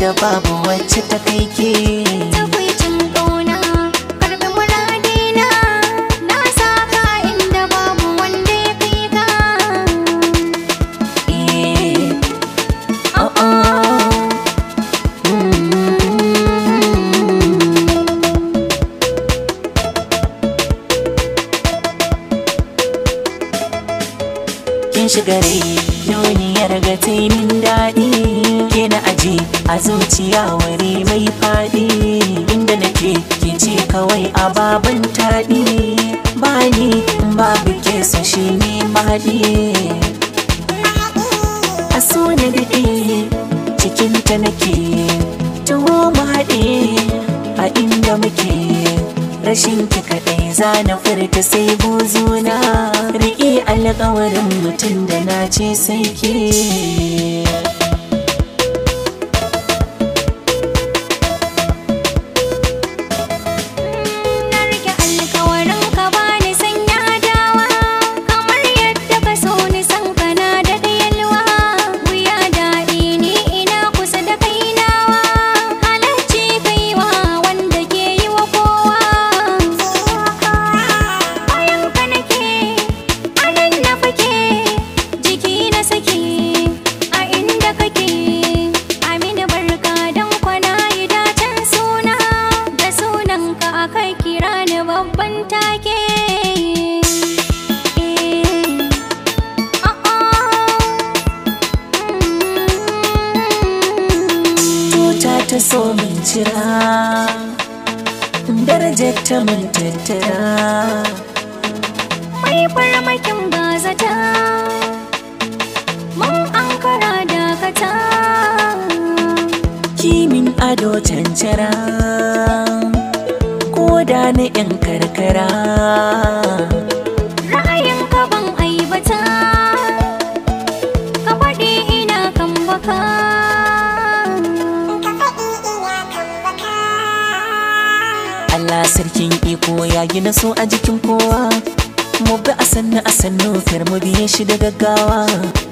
da babu wacce ta kai ke takwicin ƙauna karbi muradina na saka inda babu wanda ya kai ka oh oh mm -hmm. kin shiga rai duniyar ga min daɗi ke na aji a zuciya wuri mai faɗi inda nake ke ce kawai a baban taɗi bani babu ke so shi ne maɗi a so na daɗe cikin ta nake tuwo maɗe a inda muke rashin ki kaɗai na furta sai buzuna riƙe alƙawarin mutum da na ce sai ke ta so min cira darajar ta min tattara mai farmakin ta mun ankara dakata kimin ado cancara ko da na 'yan karkara Allah sarkin iko ya gina so a jikin kowa mu bi a sannu a sannu mu biye shi da gaggawa